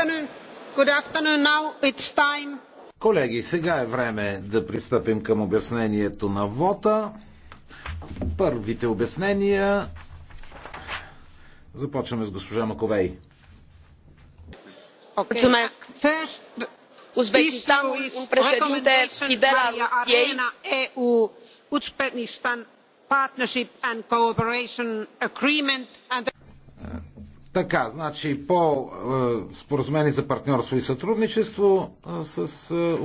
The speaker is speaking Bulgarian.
afternoon. Good afternoon. Now it's time. Колеги, сега е време да пристъпим към обяснението на вота. Първите обяснения започваме с госпожа Маковей. Okay. First, Uzbekistanul un președinte fidel al Rusiei. EU, Uzbekistan Partnership and Cooperation Agreement and the така, значи по е, споразумение за партньорство и сътрудничество е, с е,